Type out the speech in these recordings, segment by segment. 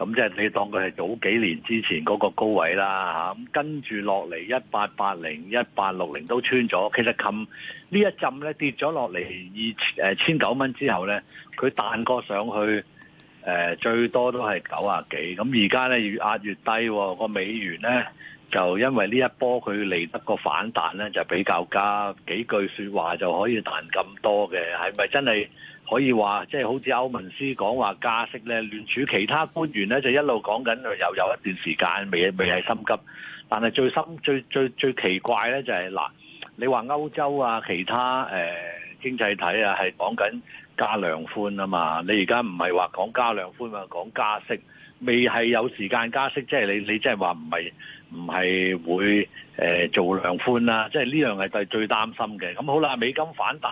咁即係你當佢係早幾年之前嗰個高位啦咁、啊、跟住落嚟一八八零、一八六零都穿咗。其實冚呢一浸咧跌咗落嚟二誒千九蚊之後咧，佢彈過上去、呃、最多都係九啊幾。咁而家咧越壓越低、哦，個美元咧就因為呢一波佢嚟得個反彈咧就比較急幾句說話就可以彈咁多嘅，係咪真係？可以話即係好似歐文斯講話加息咧，聯儲其他官員咧就一路講緊又有一段時間未未係心急，但係最心最最最奇怪咧就係、是、嗱，你話歐洲啊其他誒、呃、經濟體啊係講緊加量寬啊嘛，你而家唔係話講加量寬啊，講加息，未係有時間加息，即、就、係、是、你你即係話唔係唔係會誒、呃、做量寬啦，即係呢樣係最最擔心嘅。咁好啦，美金反彈。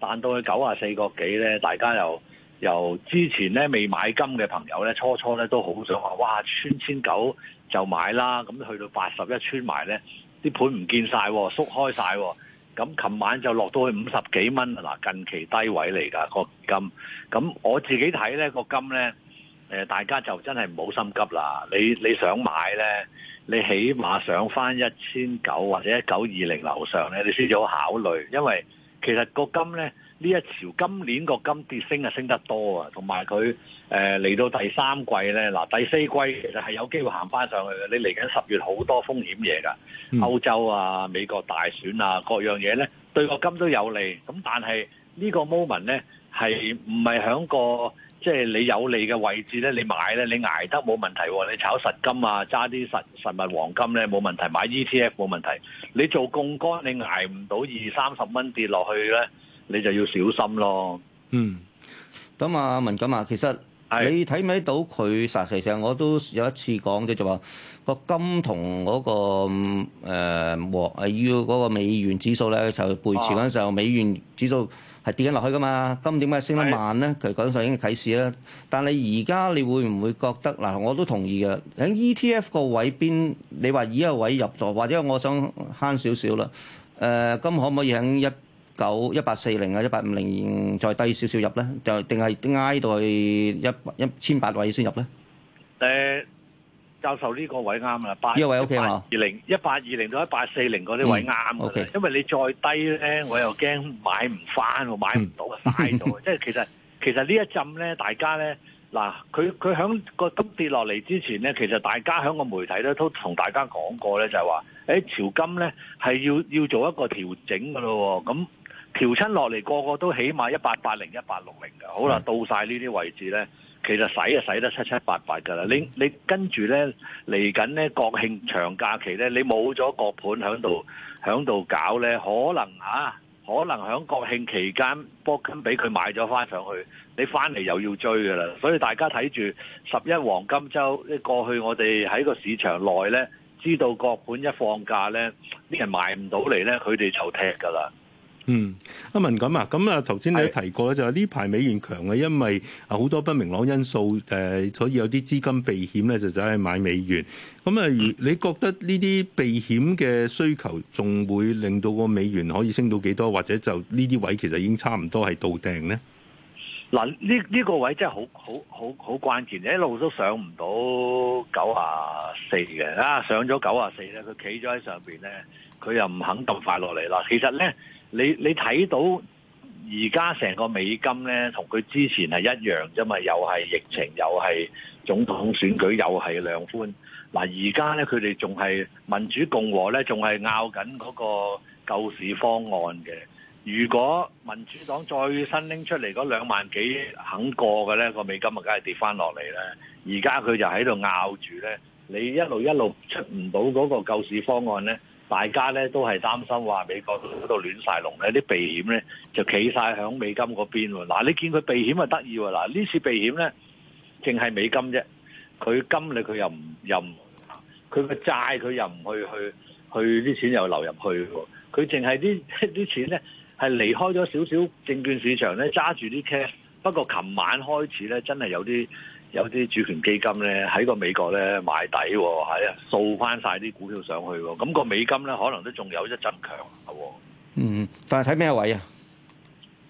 彈到去九啊四個幾咧，大家又又之前咧未買金嘅朋友咧，初初咧都好想話，哇，穿千九就買啦，咁去到八十一穿埋咧，啲盤唔見晒喎，縮開晒喎。咁琴晚就落到去五十幾蚊，嗱，近期低位嚟㗎個金，咁我自己睇咧個金咧，誒，大家就真係唔好心急啦，你你想買咧，你起碼上返一千九或者九二零樓上咧，你先至好考慮，因為，其實個金咧，呢一朝今年個金跌升啊，升得多啊，同埋佢誒嚟到第三季咧，嗱，第四季其實係有機會行翻上去嘅。你嚟緊十月好多風險嘢㗎，歐洲啊、美國大選啊各樣嘢咧，對個金都有利。咁但係呢個 moment 咧，係唔係響個？即係你有利嘅位置咧，你買咧，你捱得冇問題。你炒實金啊，揸啲實實物黃金咧，冇問題，買 ETF 冇問題。你做槓桿，你捱唔到二三十蚊跌落去咧，你就要小心咯。嗯，咁啊，文錦啊，其實。你睇唔睇到佢實際上，我都有一次講嘅，就話、嗰個金同嗰個誒黃 U 嗰美元指數咧，就背馳嗰陣時候，美元指數係、就是啊、跌緊落去噶嘛，金點解升得慢咧？佢嗰陣時已經啟示啦。但係而家你會唔會覺得嗱、呃？我都同意嘅，喺 ETF 個位邊，你話以一個位入座，或者我想慳少少啦。誒、呃，金可唔可以喺一？九一八四零啊，一八五零再低少少入咧，就定係挨到去一一千八位先入咧？誒，教授呢個位啱啦，八，呢個位 OK 嘛，二零一八二零到一八四零嗰啲位啱嘅，因為你再低咧，我又驚買唔翻喎，買唔到嘅，嘥咗。即係其實其實呢一陣咧，大家咧嗱，佢佢響個金跌落嚟之前咧，其實大家響個媒體咧都同大家講過咧，就係話誒，朝金咧係要要做一個調整嘅咯喎，咁。調親落嚟，個個都起碼一八八零、一八六零噶，好啦，到晒呢啲位置呢，其實使啊，使得七七八八噶啦。你你跟住呢嚟緊呢，國慶長假期呢，你冇咗國盤喺度，喺度搞呢？可能啊，可能喺國慶期間搏緊俾佢買咗翻上去，你翻嚟又要追噶啦。所以大家睇住十一黃金周，過去我哋喺個市場內呢，知道國盤一放假呢，啲人買唔到嚟呢，佢哋就踢噶啦。嗯，阿文咁啊，咁啊，頭先你都提過咧，就係呢排美元強嘅，因為啊好多不明朗因素，誒，所以有啲資金避險咧，就走去買美元。咁啊，你覺得呢啲避險嘅需求仲會令到個美元可以升到幾多，或者就呢啲位其實已經差唔多係到定呢？嗱，呢呢個位真係好好好好關鍵，一路都上唔到九啊四嘅。啊，上咗九啊四咧，佢企咗喺上邊咧，佢又唔肯咁快落嚟啦。其實咧。你你睇到而家成個美金呢，同佢之前係一樣啫嘛，又係疫情，又係總統選舉，又係量寬。嗱，而家呢，佢哋仲係民主共和呢仲係拗緊嗰個救市方案嘅。如果民主黨再新拎出嚟嗰兩萬幾肯過嘅呢個美金啊，梗係跌翻落嚟咧。而家佢就喺度拗住呢，你一路一路出唔到嗰個救市方案呢。大家咧都係擔心話美國度亂晒龍咧，啲避險咧就企晒響美金嗰邊喎。嗱、啊，你見佢避險咪得意喎？嗱、啊，呢次避險咧，淨係美金啫，佢金你，佢又唔任。佢個債佢又唔去去去啲錢又流入去。佢淨係啲啲錢咧係離開咗少少證券市場咧，揸住啲 cash。不過琴晚開始咧，真係有啲。有啲主權基金咧喺個美國咧賣底喎，係啊，掃翻曬啲股票上去喎。咁個美金咧可能都仲有一陣強下喎。嗯，但係睇咩位啊？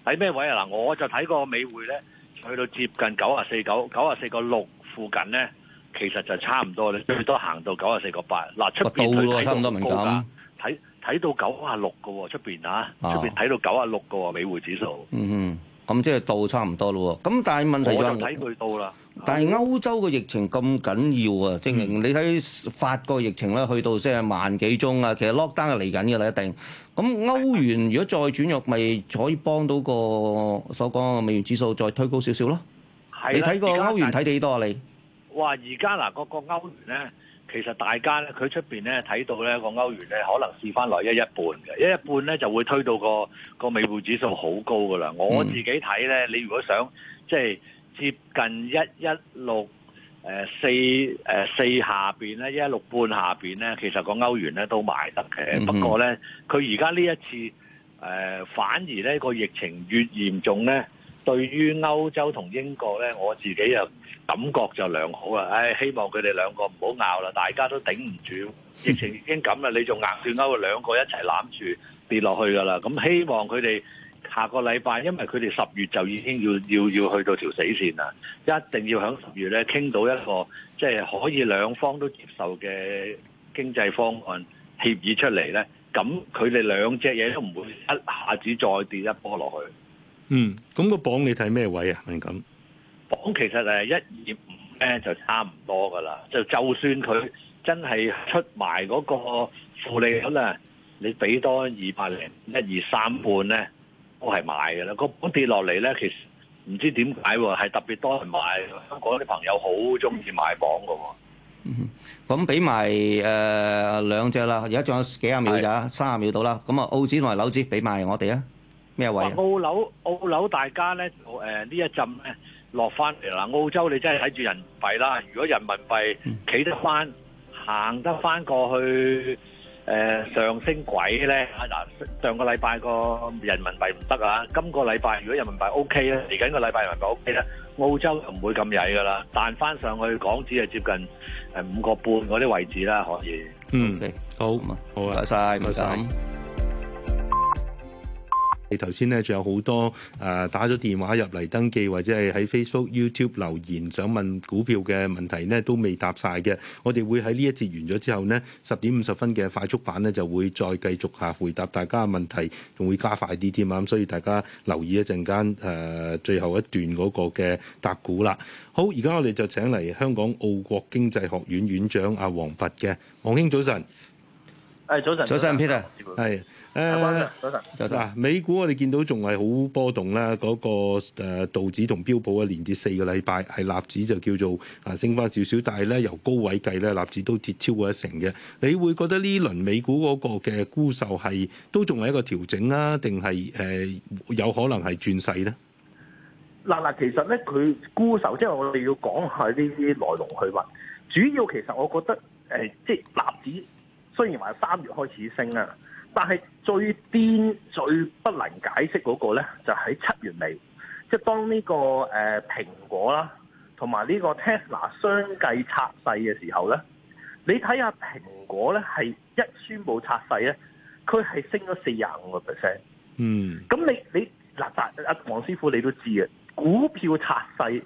睇咩位啊？嗱，我就睇個美匯咧，去到接近九啊四九九啊四個六附近咧，其實就差唔多咧，最多行到九啊四個八。嗱，出邊睇到到咯，差唔多明㗎。睇睇到九啊六個喎，出邊啊？出邊睇到九啊六個喎，美匯指數。嗯嗯，咁即係到差唔多咯。咁但係問題我就睇佢到啦，但係歐洲嘅疫情咁緊要啊，證明你睇法國嘅疫情咧，去到即係、嗯、萬幾宗啊，其實 lockdown 係嚟緊嘅啦，一定。咁歐元如果再轉弱，咪可以幫到個所講嘅美元指數再推高少少咯。你睇、啊嗰個歐元睇幾多啊？你哇！而家嗱，個個歐元咧，其實大家咧，佢出邊咧睇到咧個歐元咧，可能試翻來一一半嘅，一一半咧就會推到、嗰個個美匯指數好高噶啦。我自己睇咧、嗯，你如果想即係。接近一一六，誒四誒四下邊咧，一一六半下邊咧，其實個歐元咧都賣得嘅。不過咧，佢而家呢一次誒、呃，反而咧個疫情越嚴重咧，對於歐洲同英國咧，我自己又感覺就良好啊！誒，希望佢哋兩個唔好拗啦，大家都頂唔住，疫情已經咁啦，你仲硬斷歐，兩個一齊攬住跌落去㗎啦。咁希望佢哋。下個禮拜，因為佢哋十月就已經要要要去到條死線啦，一定要喺十月咧傾到一個即係、即係、可以兩方都接受嘅經濟方案協議出嚟咧。咁佢哋兩隻嘢都唔會一下子再跌一波落去。嗯，咁、嗯、個榜你睇咩位啊？唔係榜，其實係一二五咧就差唔多噶啦。就就算佢真係出埋嗰個負利率咧，你俾多二百零一二三半咧。一二三都係買嘅啦，個股跌落嚟咧，其實唔知點解喎，係特別多人買，香港啲朋友好中意買鎊嘅喎。嗯，咁俾埋誒兩隻啦，而家仲有幾十秒㗎，三十秒到啦。咁啊，澳紙同埋樓紙俾埋我哋啊，咩位？澳樓澳樓，大家咧誒呢一陣咧落翻嚟啦。澳洲你真係睇住人民幣啦，如果人民幣企得翻，行得翻過去。誒上升軌咧嚇嗱，上個禮拜個人民幣唔得啊，今個禮拜如果人民幣 O K 咧，嚟緊個禮拜人民幣 O K 咧，澳洲唔會咁曳噶啦，彈翻上去港紙係接近誒五個半嗰啲位置啦，可以，嗯好好啊，多謝唔該。你頭先咧，仲有好多誒打咗電話入嚟登記，或者係喺 Facebook、YouTube 留言，想問股票嘅問題呢都未答晒嘅。我哋會喺呢一節完咗之後呢十點五十分嘅快速版呢，就會再繼續下回答大家嘅問題，仲會加快啲添啊！咁所以大家留意一陣間誒最後一段嗰個嘅答股啦。好，而家我哋就請嚟香港奧國經濟學院院長阿王弼嘅王兄，早晨。係，早晨，早晨 Peter 係誒早晨，早晨。嗱，美股我哋見到仲係好波動啦，嗰個誒道指同標普啊，連跌四個禮拜，係納指就叫做啊升翻少少，但係咧，由高位計咧，納指都跌超過一成嘅。你會覺得呢輪美股嗰個嘅沽售係都仲係一個調整啊，定係誒有可能係轉勢咧？嗱嗱，其實咧佢沽售，即係我哋要講下呢啲來龍去脈。主要其實我覺得誒、呃，即係納指。雖然話三月開始升啊，但係最癲、最不能解釋嗰個咧，就喺、是、七月尾，即係當呢、這個誒蘋、呃、果啦，同埋呢個 Tesla 相繼拆細嘅時候咧，你睇下蘋果咧係一宣布拆細咧，佢係升咗四十五個 percent，嗯，咁你你嗱阿阿王師傅你都知嘅，股票拆細。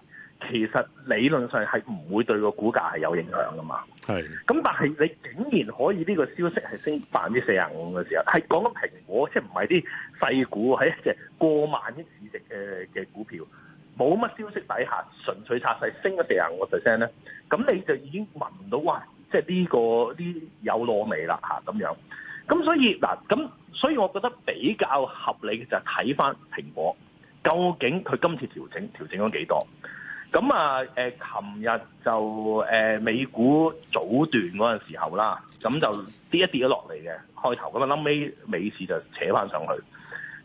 其實理論上係唔會對個股價係有影響㗎嘛。係咁，但係你竟然可以呢個消息係升百分之四十五嘅時候，係講緊蘋果，即係唔係啲細股係一隻過萬億市值誒嘅股票，冇乜消息底下純粹拆細升咗四十五個 percent 咧。咁你就已經聞到哇，即係呢、呢個啲、呢個、有攞味啦嚇咁樣。咁所以嗱，咁所以我覺得比較合理嘅就係睇返蘋果究竟佢今次調整調整咗幾多。咁啊，誒、呃，琴日就誒、呃、美股早段嗰陣時候啦，咁就跌一跌咗落嚟嘅開頭，咁啊，後尾美市就扯翻上去。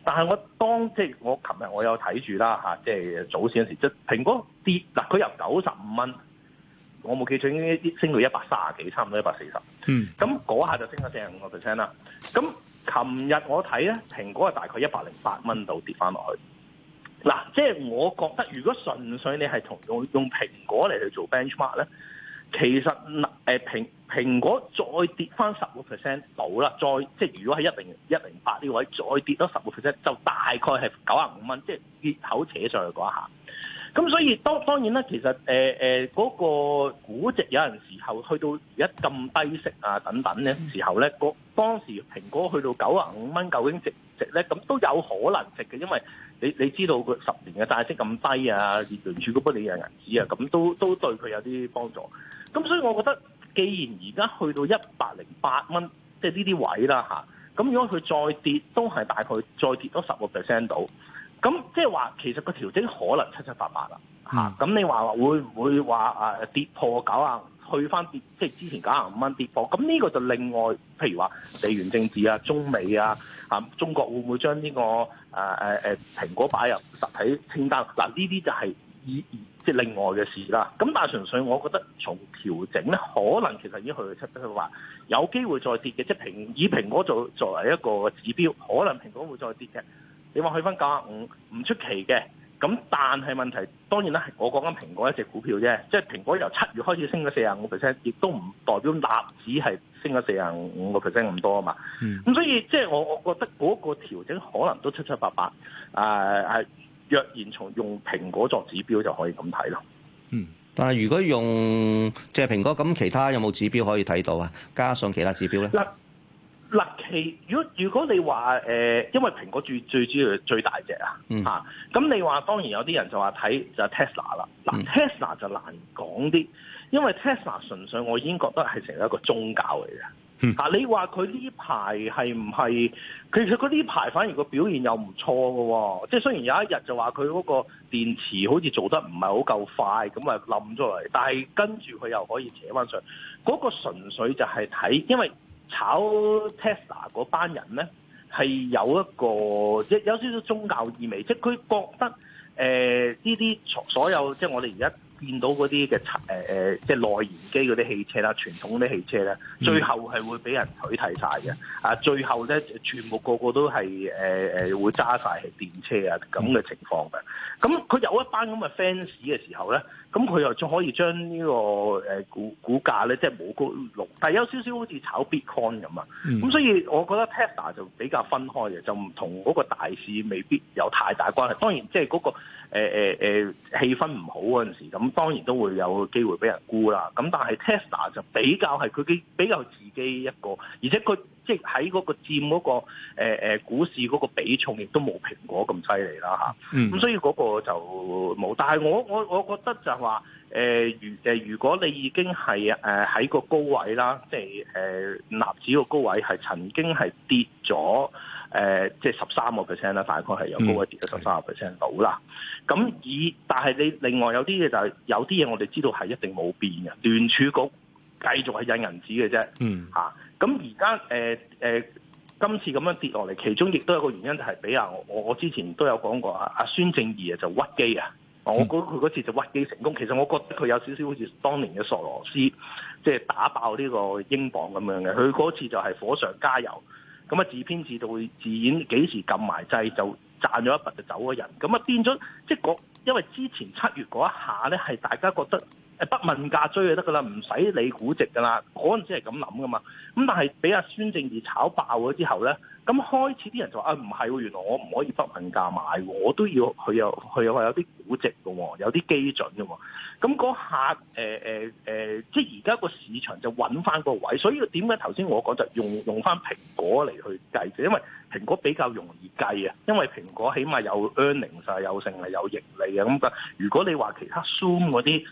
但係我當即係我琴日我有睇住啦嚇，即係早市嗰時，即係蘋果跌嗱，佢、啊、由九十五蚊，我冇記錯已經升到一百卅幾，差唔多 140, 那那一百四十。嗯。咁嗰下就升咗四十五個 percent 啦。咁琴日我睇咧，蘋果係大概一百零八蚊度跌翻落去。嗱，即係我覺得，如果純粹你係同用用蘋果嚟去做 benchmark 咧，其實嗱，誒蘋蘋果再跌翻十個 percent 到啦，再即係如果係一零一零八呢個位，再跌多十個 percent，就大概係九啊五蚊，即係熱口扯上去嗰下。咁所以，當當然啦，其實誒誒嗰個估值有陣時候去到而家咁低息啊等等咧時候咧，個當時蘋果去到九啊五蚊，究竟值？咧咁都有可能食嘅，因為你你知道佢十年嘅債息咁低啊，連儲嗰筆你嘅銀紙啊，咁都都對佢有啲幫助。咁所以我覺得，既然而家去到一百零八蚊，即係呢啲位啦嚇，咁如果佢再跌，都係大概再跌多十個 percent 度。咁即係話，其實個調整可能七七八八啦嚇。咁你話會唔會話啊跌破九啊？去翻跌，即係之前九廿五蚊跌波，咁呢個就另外，譬如話地緣政治啊、中美啊，中國會唔會將呢、這個誒、呃、蘋果擺入實體清單？嗱，呢啲就係以即另外嘅事啦。咁但係純粹，我覺得從調整咧，可能其實已經去到七,七八，出去話有機會再跌嘅，即以蘋果做作為一個指標，可能蘋果會再跌嘅。你話去翻九廿五唔出奇嘅。咁但係問題當然啦，我講緊蘋果一隻股票啫，即係蘋果由七月開始升咗四十五個 percent，亦都唔代表納指係升咗四十五個 percent 咁多啊嘛。咁、嗯、所以即係我我覺得嗰個調整可能都七七八八。誒、呃、若然從用蘋果作指標就可以咁睇咯。嗯，但係如果用即係蘋果，咁其他有冇指標可以睇到啊？加上其他指標咧？呢嗱，其如果如果你話誒、呃，因為蘋果最最主要最大隻啊，咁、嗯啊、你話當然有啲人就話睇就是、Tesla 啦，嗱、啊嗯、Tesla 就難講啲，因為 Tesla 純粹我已經覺得係成一個宗教嚟嘅，嚇、嗯啊、你話佢呢排係唔係？其實佢呢排反而個表現又唔錯㗎喎、啊，即係雖然有一日就話佢嗰個電池好似做得唔係好夠快，咁啊冧咗嚟，但係跟住佢又可以扯翻上，嗰、那個純粹就係睇，因為。炒 Tesla 嗰班人咧，係有一個即係有少少宗教意味，即係佢覺得誒呢啲所有即係我哋而家。見到嗰啲嘅誒誒，即係內燃機嗰啲汽車啦，傳統啲汽車咧，最後係會俾人取締晒嘅。啊，最後咧，全部個個都係誒誒，會揸晒電車啊咁嘅情況嘅。咁佢有一班咁嘅 fans 嘅時候咧，咁佢又仲可以將呢個誒股股價咧，即係冇高落，但係有少少好似炒 Bitcoin 咁啊。咁、嗯、所以我覺得 Tesla 就比較分開嘅，就唔同嗰個大市未必有太大關係。當然，即係嗰個。誒誒誒氣氛唔好嗰陣時，咁當然都會有機會俾人沽啦。咁但係 Tesla 就比較係佢嘅比較自己一個，而且佢即係喺嗰個佔嗰個誒誒股市嗰個比重，亦都冇蘋果咁犀利啦吓。咁所以嗰個就冇。但係我我我覺得就話誒如誒，如果你已經係誒喺個高位啦，即係誒納指個高位係曾經係跌咗。誒、呃，即係十三個 percent 啦，大概係有高位跌咗十三個 percent 到啦。咁、嗯、以，但係你另外有啲嘢就係、是、有啲嘢我哋知道係一定冇變嘅。聯儲局繼續係印銀紙嘅啫。嗯、啊，嚇。咁而家誒誒，今次咁樣跌落嚟，其中亦都有個原因就係，畀啊我我我之前都有講過啊，阿、啊、孫正義啊就屈機啊。我覺得佢嗰次就屈機成功，其實我覺得佢有少少好似當年嘅索羅斯，即、就、係、是、打爆呢個英鎊咁樣嘅。佢嗰次就係火上加油。咁啊，自編自導自演幾時撳埋掣就賺咗一筆就走咗人，咁啊變咗即係因為之前七月嗰一下咧，係大家覺得誒不問價追就得噶啦，唔使理估值噶啦，嗰陣時係咁諗噶嘛。咁但係俾阿孫正義炒爆咗之後咧。咁開始啲人就話啊，唔係喎，原來我唔可以不問價買，我都要佢有佢有有啲估值嘅喎，有啲基準嘅喎。咁嗰下，呃呃呃、即係而家個市場就揾翻個位，所以點解頭先我講就係，用用翻蘋果嚟去計啫，因為蘋果比較容易計啊，因為蘋果起碼有 earnings 曬，有剩係有盈利啊。咁但如果你話其他 Zoom 嗰啲，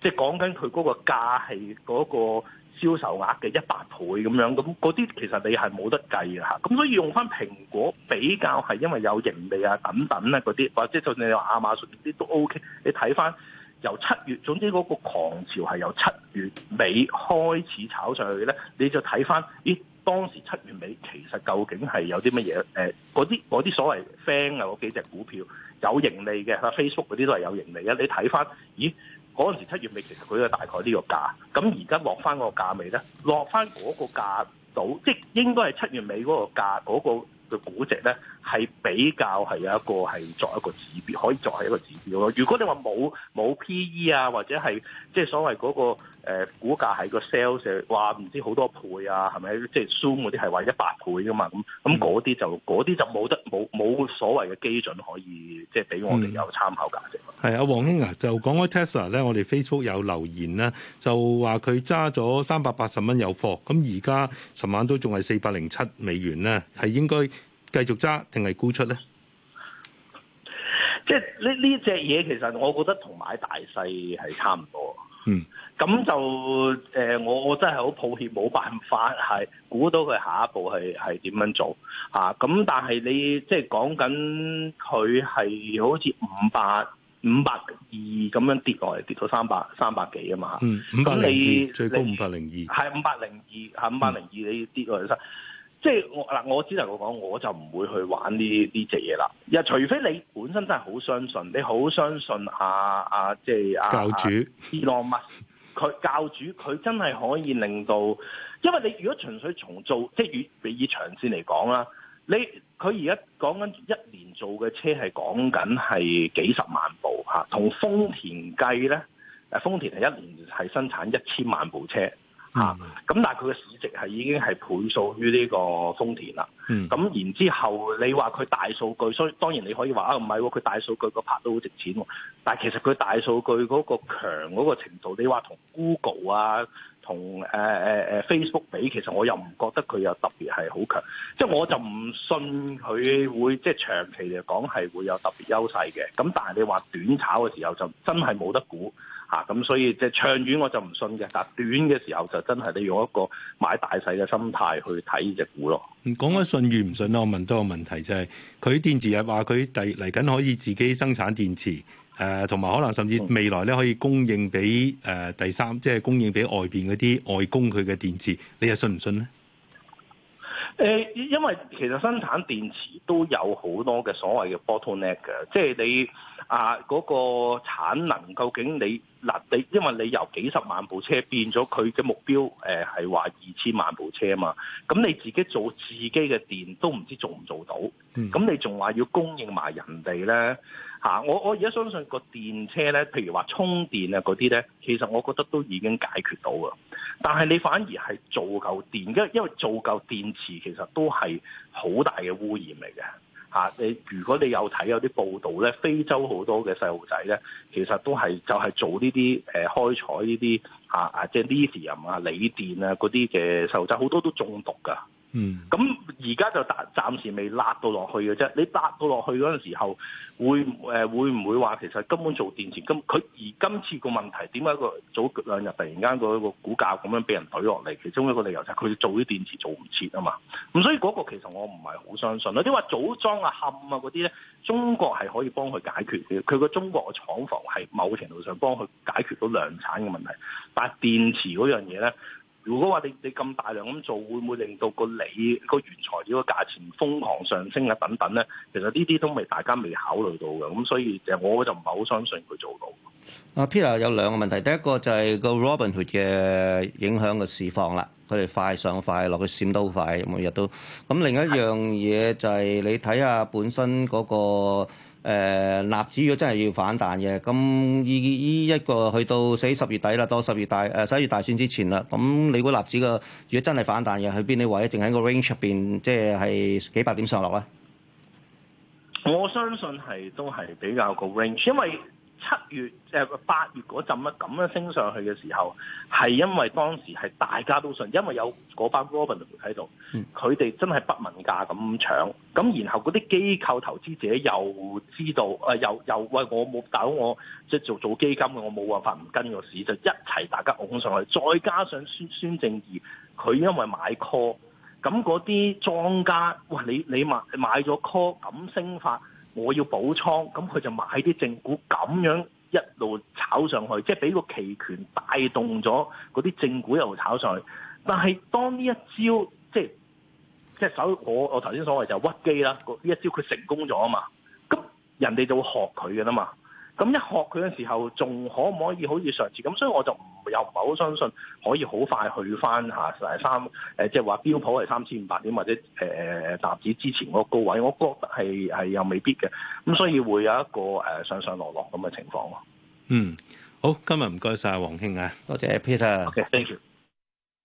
即係講緊佢嗰個價係嗰，嗰個。銷售額嘅一百倍咁樣，咁嗰啲其實你係冇得計㗎。嚇，咁所以用翻蘋果比較係因為有盈利啊等等咧嗰啲，或者就你話亞馬遜嗰啲都 OK。你睇翻由七月，總之嗰個狂潮係由七月尾開始炒上去咧，你就睇翻咦當時七月尾其實究竟係有啲乜嘢？誒嗰啲嗰啲所謂 fan 啊嗰幾隻股票有盈利嘅，Facebook 嗰啲都係有盈利嘅。你睇翻咦？嗰、那、陣、個、時七月尾其實佢嘅大概這個個呢那個價，咁而家落翻個價未咧？落翻嗰個價到，即係應該係七月尾嗰個價嗰個嘅估值咧，係比較係有一個係作為一個指標，可以作為一個指標咯。如果你話冇冇 P E 啊，或者係即係所謂嗰、那個。誒股價喺個 sales 話唔知好多倍啊，係咪即係 zoom 嗰啲係話一百倍噶嘛？咁咁嗰啲就啲就冇得冇冇所謂嘅基準可以即係俾我哋有參考價值。係、嗯、啊，王兄啊，就講開 Tesla 咧，我哋 Facebook 有留言啦，就話佢揸咗三百八十蚊有貨，咁而家尋晚都仲係四百零七美元呢，係應該繼續揸定係沽出咧？即係呢呢隻嘢其實我覺得同買大細係差唔多。嗯，咁就誒、呃，我我真係好抱歉，冇辦法係估到佢下一步係係點樣做咁、啊、但係你即係講緊佢係好似五百五百二咁樣跌落嚟，跌到三百三百幾啊嘛。嗯，五百二咁你最高五百零二，係五百零二，係五百零二，你跌落去。嗯即係我嗱，我只能夠講，我就唔會去玩呢呢隻嘢啦。又除非你本身真係好相信，你好相信阿、啊、阿、啊、即係、啊、教主 Elon Musk 佢教主佢真係可以令到，因為你如果純粹重做，即係以你以，以長線嚟講啦，你佢而家講緊一年做嘅車係講緊係幾十萬部嚇，同豐田計咧，誒豐田係一年係生產一千萬部車。咁、嗯嗯、但係佢嘅市值係已經係倍數於呢個豐田啦。咁、嗯、然之後，你話佢大數據，所以當然你可以話啊唔係喎，佢、哦、大數據個牌都好值錢喎、哦。但係其實佢大數據嗰個強嗰個程度，你話同 Google 啊、同、呃呃、Facebook 比，其實我又唔覺得佢有特別係好強。即係我就唔信佢會即係長期嚟講係會有特別優勢嘅。咁但係你話短炒嘅時候就真係冇得估。吓、啊、咁，所以即係長遠我就唔信嘅，但短嘅時候就真係你用一個買大細嘅心態去睇呢隻股咯。講緊信與唔信咧，我問多個問題就係、是、佢電池係話佢第嚟緊可以自己生產電池，誒同埋可能甚至未來咧可以供應俾誒、呃、第三，即係供應俾外邊嗰啲外供佢嘅電池，你又信唔信咧？誒，因為其實生產電池都有好多嘅所謂嘅 bottleneck 嘅，即係你啊嗰、那個產能究竟你？嗱，你因為你由幾十萬部車變咗，佢嘅目標誒係話二千萬部車啊嘛，咁你自己做自己嘅電都唔知做唔做到，咁你仲話要供應埋人哋咧嚇？我我而家相信個電車咧，譬如話充電啊嗰啲咧，其實我覺得都已經解決到噶，但係你反而係做夠電，因因為做夠電池其實都係好大嘅污染嚟嘅。嚇、啊！你如果你有睇有啲報道咧，非洲好多嘅細路仔咧，其實都係就係、是、做呢啲誒開採呢啲嚇啊，即係 lithium 啊、鋰電啊嗰啲嘅細路仔，好多都中毒噶。嗯，咁而家就暫暫時未辣到落去嘅啫。你辣到落去嗰陣時候，會誒會唔會話其實根本做電池咁？佢而今次個問題點解個早兩日突然間個一個股價咁樣俾人懟落嚟？其中一個理由就係佢做啲電池做唔切啊嘛。咁所以嗰個其實我唔係好相信啦。啲話組裝啊、冚啊嗰啲咧，中國係可以幫佢解決嘅。佢個中國嘅廠房係某程度上幫佢解決到量產嘅問題，但係電池嗰樣嘢咧。如果話你你咁大量咁做，會唔會令到個你個原材料嘅價錢瘋狂上升啊？等等咧，其實呢啲都未大家未考慮到嘅，咁所以其實我就唔係好相信佢做到。阿 Peter 有兩個問題，第一個就係個 Robin Hood 嘅影響嘅市況啦，佢哋快上快落，佢閃得好快，每日都。咁另一樣嘢就係你睇下本身嗰個。誒、呃、納指如果真係要反彈嘅，咁依依一個去到死十月底啦，到十月大、呃、十一月大選之前啦，咁你估納指嘅如果真係反彈嘅，去邊啲位？一定喺個 range 入邊，即係係幾百點上落咧？我相信係都係比較個 range，因為。七月即、呃、八月嗰陣啊，咁樣升上去嘅時候，係因為當時係大家都信，因為有嗰班 Robinhood 喺度，佢哋真係不問價咁搶，咁然後嗰啲機構投資者又知道，呃、又又喂，我冇搞我即係做做基金嘅，我冇辦法唔跟個市，就一齊大家拱上去，再加上孫孫正義佢因為買 call，咁嗰啲莊家，哇你你買咗 call 咁升法。我要補倉，咁佢就買啲正股，咁樣一路炒上去，即係俾個期權帶動咗嗰啲正股一路炒上去。但係當呢一招，即係即係首我我頭先所謂就屈機啦，呢一招佢成功咗啊嘛，咁人哋就會學佢嘅啦嘛，咁一學佢嘅時候，仲可唔可以好似上次咁？所以我就。又唔係好相信可以好快去翻嚇第三誒，即係話標普係三千五百點或者誒納、呃、指之前嗰個高位，我覺得係係又未必嘅，咁所以會有一個誒上上落落咁嘅情況咯。嗯，好，今日唔該晒，王兄啊，多謝 Peter。Okay, thank you.